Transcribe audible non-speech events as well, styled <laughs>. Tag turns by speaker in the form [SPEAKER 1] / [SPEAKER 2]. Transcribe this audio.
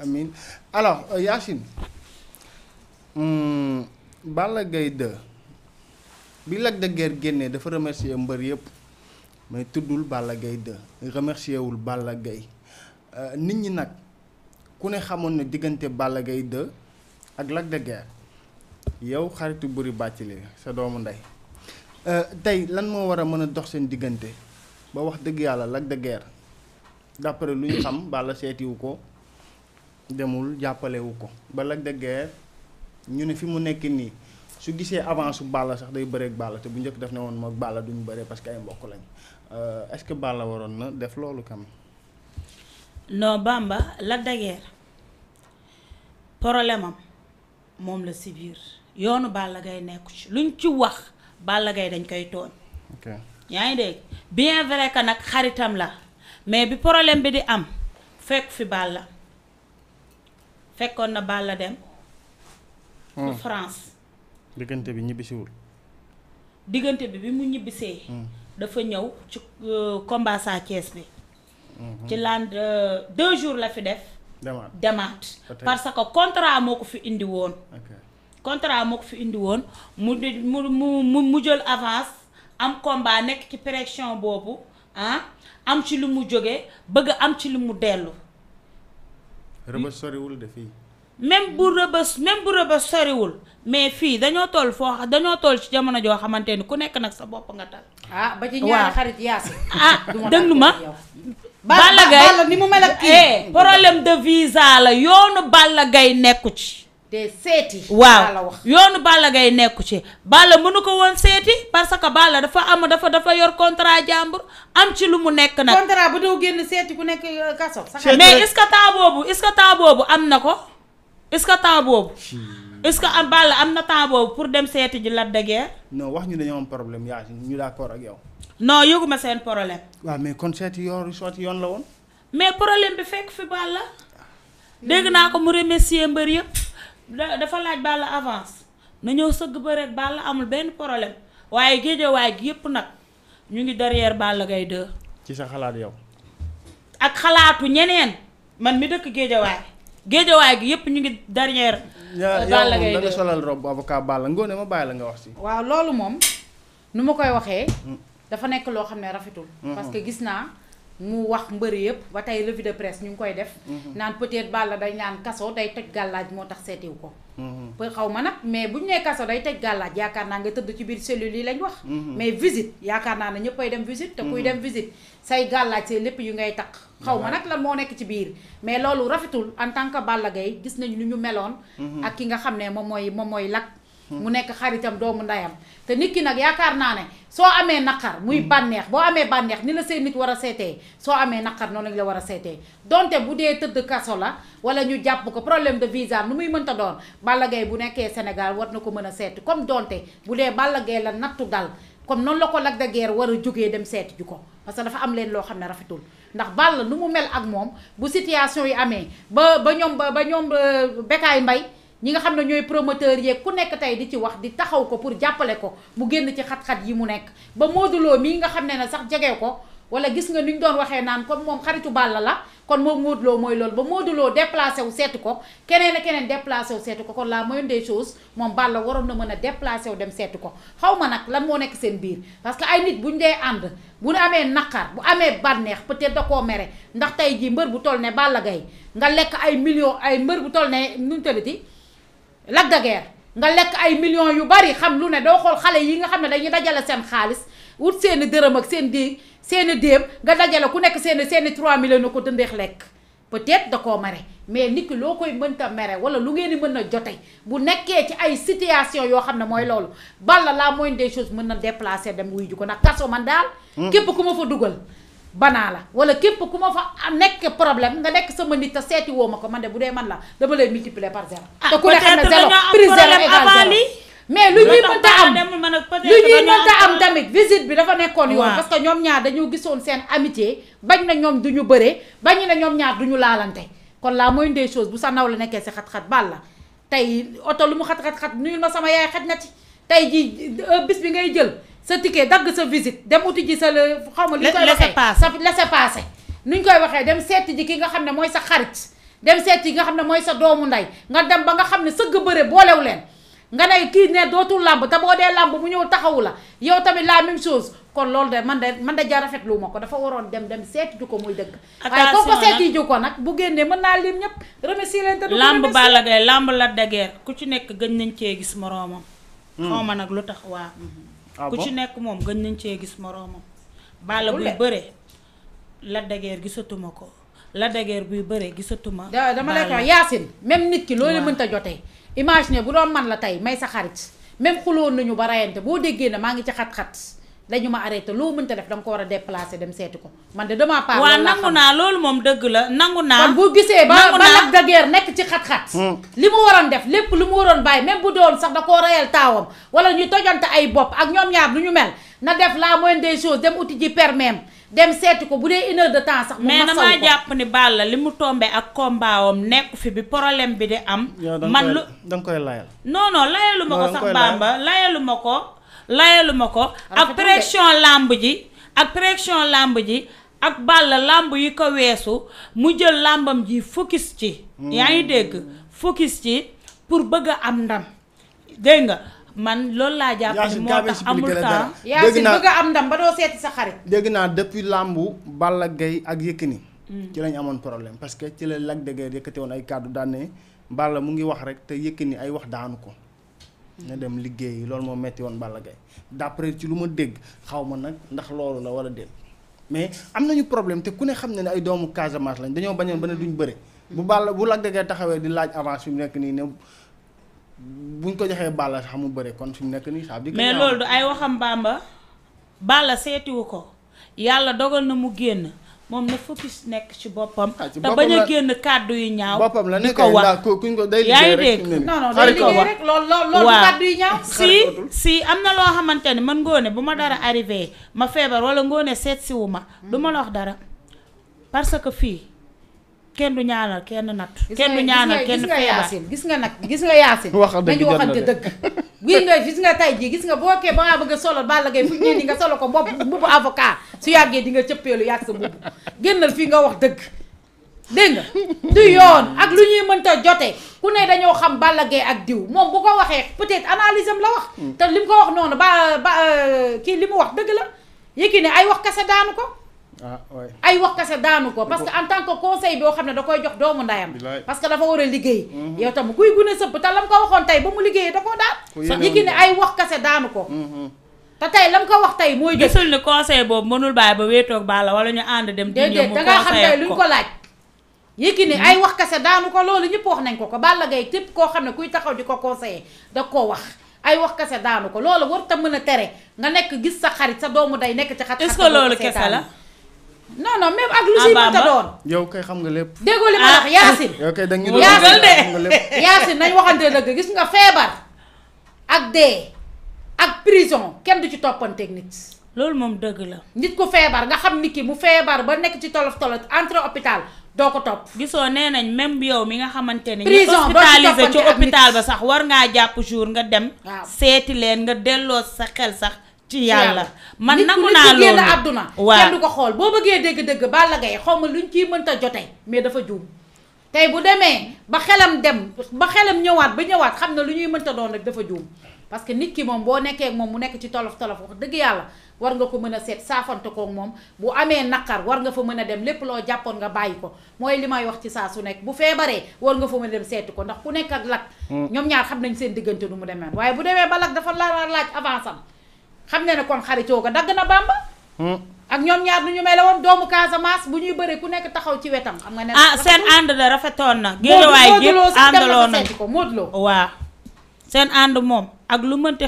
[SPEAKER 1] amin alors euh, ball mmh, Balla Gaye 2 bi Lac génnee dafa remercier mbër yëpp mais tuddul Balla Gaye 2 remercier wul Balla Gaye euh, nit ñi nag ku ne xamoon na diggante Balla Gaye 2 ak Lac de yow xaritu buri bàccili sa doomu ndey euh, tey lan moo war a mën a dox seen diggante ba wax dëgg yàlla Lac de Guiers lu ñu xam Balla seetiwu ko demul jàppalewu ko ba Lac de ñu ne fi mu nekk nii su gisee avance su Balla sax day bëreeg Balla te bu njëkk def ne woon moom Balla duñu bëree parce que ay mbokk lañ euh, est-ce que Balla waroon na def loolu kam
[SPEAKER 2] non Bamba Lac de Guiers am moom la si biir yoonu Balla Gaye nekku ci luñ ci wax Balla Gaye dañ koy tooñ yaa ngi dégg bien vrai nag xaritam la mais bi problème bi di am fekk fi Balla fekkoon na Balla dem. Hmm. bu France.
[SPEAKER 1] diggante bi ñibbisiwul.
[SPEAKER 2] diggante bi bi mu ñibbisee. Hmm. dafa ñëw ci euh, combat Sa Thiès bi. Hmm. ci laan euh, deux jours la fi def. demaat parce que contrat moo ko fi indi woon. contrat moo ko fi indi woon mu di mu mu mu jël avance am combat nekk ci pression boobu ah am ci lu mu jóge bëgg am ci lu mu dellu.
[SPEAKER 1] rëbës soriwul de fii.
[SPEAKER 2] même bu rëbës même bu rëbës soriwul mais fii dañoo toll foo xa dañoo toll ci jamono joo xamante ni ku nekk nag sa bopp nga tal. ah ba ci ñaari xarit yaasi. ah déglu ma. Balla Gaye Balla ni mu mel eh, de visa la yoonu Balla gay nekku ci. te seeti. waaw yoonu Balla ngay nekku ci Balla mënu ko woon seeti parce que Balla dafa am dafa dafa yor contrat jàmbur am ci lu mu nekk nag. contrat bu doo génn seeti ku nekk euh, kaso. mais est-ce que temps boobu est-ce que temps boobu am na ko est-ce que temps boobu. Hmm. est que am Balla am na temps boobu pour dem seeti ji Lac de Guiers.
[SPEAKER 1] wax ñu dañoo am problème yaa ñu d'accord ak yow.
[SPEAKER 2] non yëguma seen problème.
[SPEAKER 1] waaw mais kon seeti yoon sotti yoon la woon.
[SPEAKER 2] mais problème bi fekk fi Balla dégg naa ko mu remercier dafa laaj Balla avance na ñëw sëgg ba rek Balla amul benn problème waaye géejewaay gi yëpp nag ñu ngi derrière Balla Gaye 2. ci sa xalaat yow. ak xalaatu ñeneen man mi dëkk géejewaay géejewaay gi yëpp ñu ngi derrière. Euh, Balla Gaye 2 yow da nga solal
[SPEAKER 1] robe avocat Balla Ngoné ma bàyyi la nga wax si.
[SPEAKER 2] waaw loolu moom nu ma koy waxee. Mm. dafa nekk loo xam ne rafetul. parce gis naa. mu wax mbër yëpp ba tey revue de presse ñu ngi koy def. Mhm. naan peut-être Balla day naan kaso day toj gàllaaj moo tax seetiw ko. pour mhm. xaw ma nag mais bu ñu nee kaso day toj gàllaaj yaakaar naa nga tëdd ci biir cellule yi lañ wax. Mhm. mais visite yaakaar naa ne ñëppay dem visite. te kuy dem visite say gàllaaj say lépp yu ngay takk. xaw ma nag la moo nekk ci biir mais loolu rafetul en tant que Balla Gaye gis nañu lu ñu meloon. ak ki nga xam ne moom mooy moom mooy Lac. mu nekk xaritam doomu ndayam te nit ki nag yaakaar naa ne soo amee naqar muy mm. bànneex boo amee bànneex ni la say nit war a seetee soo amee naqar noonu lañ la war a seetee donte bu dee tëdd kaso la wala ñu jàpp ko problème de visa nu muy mënta doon Balla Gaye bu nekkee Sénégal war na ko mën a seeti comme donte bu dee Balla Gaye la nattu dal comme noonu la ko Lac de Guiers war a jógee dem seeti ju ko parce que dafa am leen loo xam ne rafetul ndax Balla nu mu mel ak moom bu situation yi amee ba ba ñoom ba ñoom euh, Bécaye Mbaye ñi nga xam ne ñooy promoteur yee ku nekk tey di ci wax di taxaw ko pour jàppale ko mu génn ci xat-xat yi mu nekk ba Modou mii nga xam ne ne sax jege ko wala gis nga ni ñu doon waxee naan comme moom xaritu bàlla la kon moom Modou Lo mooy loolu ba mooduloo Lo déplacé wu seetu ko keneen ak keneen déplacé wu seetu ko kon la moyenne des choses moom Balla waroon na mën a déplacé wu dem seetu ko xaw ma nag lan moo nekk seen biir parce que ay nit bu ñu dee ànd bu ñu amee naqar bu amee bànneex peut-être da koo mere ndax tey jii mbër bu toll ne Balla Gaye nga lekk ay millions ay mbër bu toll ne nu mu Lac de nga lekk ay millions yu bari xam lu ne doo xool xale yi nga xam ne dañuy dajale seen xaalis wut seen i dërëm ak seen di seen i déem nga dajale ku nekk seen i seen i 3 na ko dëndeex lekk peut-être da koo mare mais nit ki loo koy mënta mere wala lu ngeen di mën na jote bu nekkee ci ay situation yoo xam ne mooy loolu Balla la mooy des choses mën na déplacer dem wuy ji ko ndax kaso man daal. Hmm. képp ku ma fa dugal. banaa la wala képp ku ma fa nekk problème nga nekk sama nit te seeti woo ma ko man de bu dee man la dama lay multiplier par zéro. Ah, te ku ne xam ne zéro prise zéro égal zéro mais lu ñuy mënta am lu ñuy mënta am tamit visite bi dafa nekkoon yoon. parce que ñoom ñaar dañoo gisoon seen amitié bañ na ñoom du ñu bëree bañ na ñoom ñaar du ñu laalante kon la mooy des choses bu sa naw la nekkee si xat-xat baal la tey oto lu mu xat-xat-xat nuyul ma sama yaay xaj na ci tey jii euh, bis bi ngay jël. sa ticket dagg sa visite dem uti ji sa la xaw ma li koy waxee sa laissez-passer nuñ koy waxee dem seeti ji ki nga xam ne mooy sa xarit dem seeti yi nga xam ne mooy sa doomu ndey nga dem ba nga xam ne sëgg bëre boolew leen nga ne kii ne dootul làmb te boo dee làmb mu ñëw taxawu la yow tamit la même kon loolu de man de man de jaar rafetlu ma ko dafa waroon dem dem seeti ju ko muy dëgg. waaye kooku seeti ju ko nag bu génnee mën naa lim ñëpp remercier leen te du ko làmb Balla Gaye làmb Lac ku ci nekk gëj nañ cee gis moroomam. Hmm. xaw ma nag lu tax Ah ku ci nekk moom gën nañ cee gis moroomam bàlla buy bëre la dageer gisatuma ko la dageer buy bëree gisatuma dama lay wax Yacine même nit ki loolu mënta jotee imagine bu doon man la tey may sa xarit même xuloon nañu ba rayante boo déggee ne maa ngi ci xat-xat dañu ma arrêté loo mënta def danga ko war a déplacé dem seeti ko man de dama part waaw nangu naa loolu moom dëgg la nangu naa kon bu gisee ba ba Lac de nekk ci xat-xat hmm. li mu waroon def lépp lu mu waroon bàyyi même bu doon sax da koo reyal taawam wala ñu tojante ay bopp ak ñoom ñaar lu ñu mel na def laa moindre des choses dem uti ji permeem dem seeti ko bu dee une de temps sax. mu mais damaa jàpp ni Balla li mu tombé ak kombaawam nekk fi bi problème bi di am. man lu
[SPEAKER 1] danga koy layal.
[SPEAKER 2] non non layalu ma ko. layalu ko ak pression làmb ji ak pression làmb ji ak Balla làmb yi ko weesu mu jël làmbam ji focus ci hmm. yaa ngi dégg focus ci pour bëgg a am ndam dégg nga man lool laa jàpp ni moo tax amul temps Yaasin bëgg a am ndam sa xarit dégg naa
[SPEAKER 1] depuis làmbu Balla Gaye ak yëkk ni hmm. ci lañ amoon problème parce que ci la Lac de Guiers yëkkati woon ay kàddu daan ne Balla mu ngi wax rek te ni ay wax daanu ko nga dem liggéeyi loolu moo metti woon Balla Gaye d'après ci lu ma dégg xaw ma nag ndax loolu la wala déet mais am nañu problème te ku ne xam ne ne ay doomu Casamance lañ dañoo bañoon ba ne duñ bëre. bu Balla bu Lac de taxawee di laaj avance fi nekk nii ne buñ ko joxee Balla sax mu bëre kon fi mu nekk nii. ça mais loolu
[SPEAKER 2] du ay waxam Bamba Balla seetiwu ko yàlla dogal na mu génn. moom na focus nekk ci boppam. Ah, te bañ a génn kàddu yu ñaaw. boppam la nekk kuñ ko day liggéey rek non lool lool loolu kàddu yu ñaaw. <laughs> si si am na loo xamante ni man ngoone bu ma dara arrivé ma feebar wala ngoone seet si ma. du ma la wax dara parce que fii. kenn du ñaanal kenn nat kenn du ñaanal kenn feebar gis nga gis nga nag gis nga yaasin. wax dëgg nañu dëgg. <laughs> gis nga gis nga tey jii gis nga boo kee ba ngaa bëgg a solo Balla Gaye fu ñu ni nga solo ko bopp mbubu avocat su yàggee di nga cëppeelu yàgg sa mbubu génnal fii nga wax dëgg dégg nga du yoon ak lu ñuy mënta jote ku ne dañoo xam Balla Gaye ak diw moom bu ko waxee peut-être analyse am la wax mm. te li mu ko wax noonu ba ba euh, kii li mu wax dëgg la ne ay wax kase daanu ko Ah, ay wax kese daanu ko parce que en tant que conseil boo xam ne da koy jox doomu ndayam parce que dafa war a liggéey mhm. yow tam kuy gune sëpp te lam ko waxoon tey ba mu liggéeyee da koo daan yëgi ne ay wax kese daanu ko mhm. te tey lam ko wax tey mooy gisul ne conseil boobu mënul bàyyi ba wéetoog baala wala ñu dem déedéet da ngaa xam tey mhm. ay wax kese daanu ko loolu ñëpp wax nañ ko ko Balla Gaye képp koo xam ne kuy taxaw di ko conseiller da koo wax ay wax kese daanu ko loolu war ta mën a tere nga nekk gis sa xarit sa doomu day nekk ci xat est-ce que loolu kese la non non même ak lu si ah, mënta doon.
[SPEAKER 1] yow kay xam nga lépp. déggoo li ma ah. wax Yacine. yow kay da nga <laughs>
[SPEAKER 2] Yacine nañ waxante gis nga feebar ak dee ak prison kenn du ci toppanteeg nit. loolu moom dëgg la. nit ku feebar nga xam ni ki mu feebar ba nekk ci tolof tolof entre hôpital doo ko topp. gisoo nee nañ même yow mi nga xamante ne. prison hospitalisé ci hôpital ba sax war ngaa jàpp jour nga dem. seeti leen nga delloo sa xel sax. ci yàlla man nangu naa loolu nit génn àdduna waaw ko xool boo bëggee dégg dëgg Balla Gaye xaw ma luñ ciy mënta jotee mais dafa juum tey bu demee ba xelam dem ba xelam ñëwaat ba ñëwaat xam ne lu ñuy mënta doon rek dafa juum parce que nit ki moom boo nekkee moom mu nekk ci tolof tolof wax dëgg yàlla war nga ko mën a seet saafante koog moom bu amee naqar war nga fa mën a dem lépp loo jàppoon nga bàyyi ko mooy li may wax ci saa su nekk bu feebaree war nga fa mën a ko ndax ku nekk lak hmm. ñoom ñaar xam nañ seen diggante nu mu demee waaye bu demee ba lak dafa la laaj avance am xam ne ne kon xaritoo ko dagg na Bamba. Hmm. ak ñoom ñaar nu ñu mel woon doomu Casamance bu ñuy bëree ku nekk taxaw ci wetam. xam nga ne ah seen ànd la rafetoon na. géejawaay gi àndaloo nañ ko Modou Lo waaw seen ànd moom ak lu mënti